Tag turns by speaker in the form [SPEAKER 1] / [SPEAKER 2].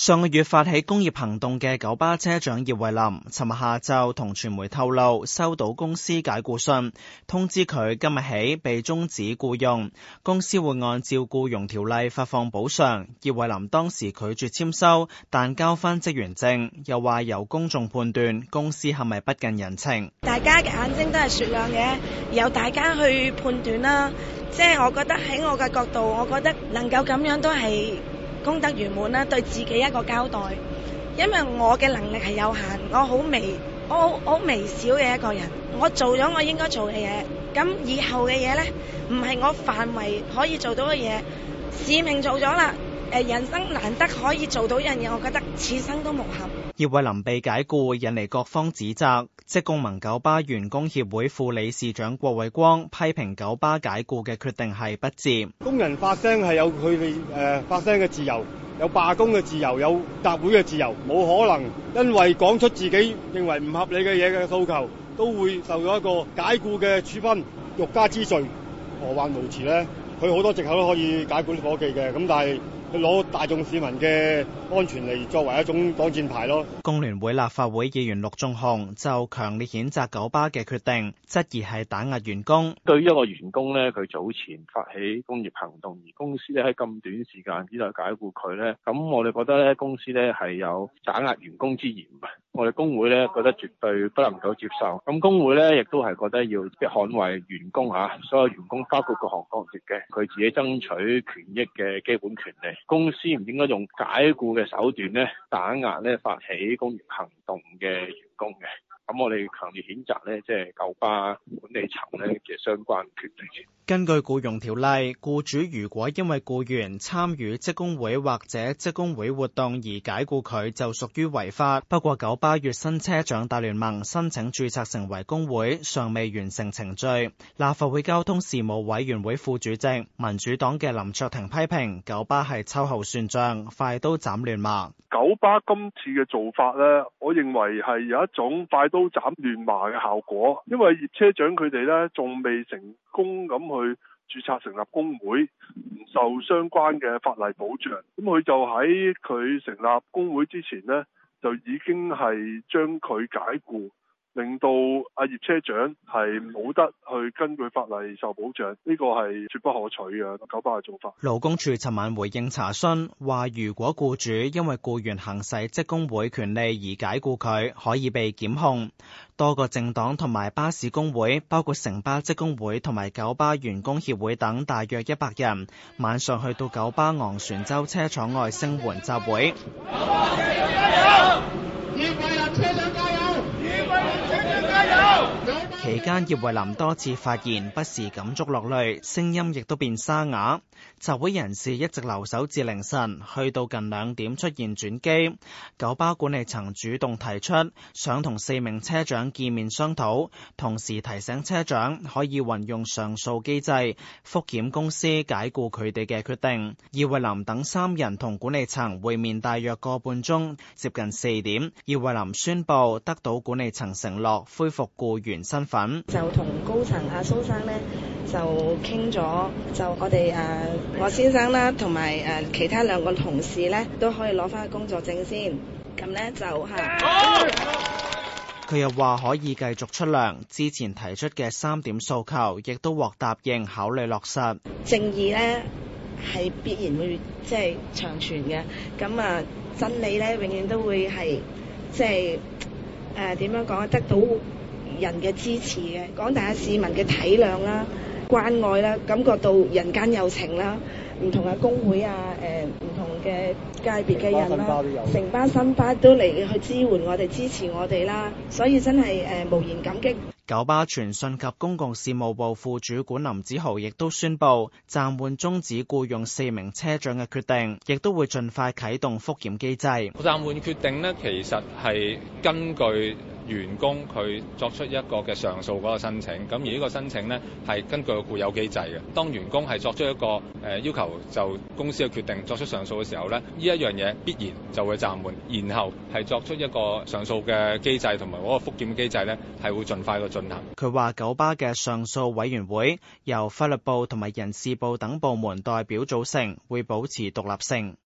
[SPEAKER 1] 上個月發起工業行動嘅九巴車長葉蔚琳，尋日下晝同傳媒透露收到公司解僱信，通知佢今日起被終止僱用，公司會按照僱傭條例發放補償。葉蔚琳當時拒絕簽收，但交返職員證，又話由公眾判斷公司係咪不近人情。大家嘅眼睛都係雪亮嘅，由大家去判斷啦。即係我覺得喺我嘅角度，我覺得能夠咁樣都係。功德圓滿啦，對自己一個交代。因為我嘅能力係有限，我好微，我好微小嘅一個人。我做咗我應該做嘅嘢，咁以後嘅嘢咧，唔係我範圍可以做到嘅嘢，使命做咗啦。誒人生難得可以做到一樣嘢，我覺得此生都無憾。葉蔚琳被解雇引嚟各方指責，職工盟九巴員工協會副理事長郭偉光批評九巴解雇嘅決定係不智。工人發聲係有佢哋發聲嘅自由，有罷工嘅自由，有集會嘅自由，冇可能因為講出自己認為唔合理嘅嘢嘅訴求，都會受到一個解雇嘅處分，欲加之罪何患無辭呢？佢好多藉口都可以解雇啲夥計嘅，咁但係。攞大眾市民嘅安全嚟作為一種擋箭牌咯。工聯會立法會議員陸仲雄就強烈譴責九巴嘅決定，質疑係打壓員工。對於一個員工咧，佢早前發起工業行動，而公司咧喺咁短時間之內解雇佢咧，咁我哋覺得咧，公司咧係有打壓員工之嫌。我哋工會咧，覺得絕對不能夠接受。咁工會咧，亦都係覺得要即捍衛員工吓，所有員工包括各行各業嘅，佢自己爭取權益嘅基本權利。公司唔應該用解僱嘅手段咧，打壓咧發起工業行動嘅員工嘅。咁我哋強烈譴責咧，即係九巴管理層咧，相關決定。根據僱傭條例，僱主如果因為僱員參與職工會或者職工會活動而解僱佢，就屬於違法。不過，九巴月薪車長大聯盟申請註冊成為工會，尚未完成程序。立法會交通事務委員會副主席、民主黨嘅林卓廷批評，九巴係秋後算賬，快刀斬亂麻。九巴今次嘅做法呢，我認為係有一種快刀斬亂麻嘅效果，因為車長佢哋呢仲未。未成功咁去註冊成立工會，唔受相關嘅法例保障。咁佢就喺佢成立工會之前咧，就已經係將佢解僱，令到阿葉車長係冇得去根據法例受保障。呢個係絕不可取嘅九巴嘅做法。勞工處尋晚回應查詢話，說如果僱主因為僱員行使職工會權利而解僱佢，可以被檢控。多個政黨同埋巴士工會，包括城巴職工會同埋九巴員工協會等，大約一百人晚上去到九巴昂船洲車廠外聲援集會。期間，葉蔚琳多次發言，不時感觸落淚，聲音亦都變沙啞。集會人士一直留守至凌晨，去到近兩點出現轉機。九巴管理層主動提出想同四名車長見面商討，同時提醒車長可以運用上訴機制，覆檢公司解僱佢哋嘅決定。葉蔚琳等三人同管理層會面大約個半鐘，接近四點，葉蔚琳宣布得到管理層承諾恢復僱員身份就同高層阿蘇生咧就傾咗，就我哋誒、啊、我先生啦、啊，同埋誒其他兩個同事咧都可以攞翻工作證先，咁咧就吓。佢好、嗯、又話可以繼續出糧，之前提出嘅三點訴求，亦都獲答應考慮落實。正義咧係必然會即係、就是、長存嘅，咁啊真理咧永遠都會係即係誒點樣講啊得到。人嘅支持嘅，廣大市民嘅體諒啦、關愛啦，感覺到人間有情啦，唔同嘅工會啊、誒唔同嘅界別嘅人啦，成班新巴都嚟去支援我哋、支持我哋啦，所以真係誒無言感激。九巴傳訊及公共事務部副主管林子豪亦都宣布暫緩終止僱用四名車長嘅決定，亦都會盡快啟動覆檢機制。暫緩決定咧，其實係根據員工佢作出一個嘅上訴嗰個申請，咁而呢個申請呢，係根據個固有機制嘅。當員工係作出一個誒要求就公司嘅決定作出上訴嘅時候呢，呢一樣嘢必然就會暫緩，然後係作出一個上訴嘅機制同埋嗰個覆檢機制呢，係會盡快嘅進行。佢話：九巴嘅上訴委員會由法律部同埋人事部等部門代表組成，會保持獨立性。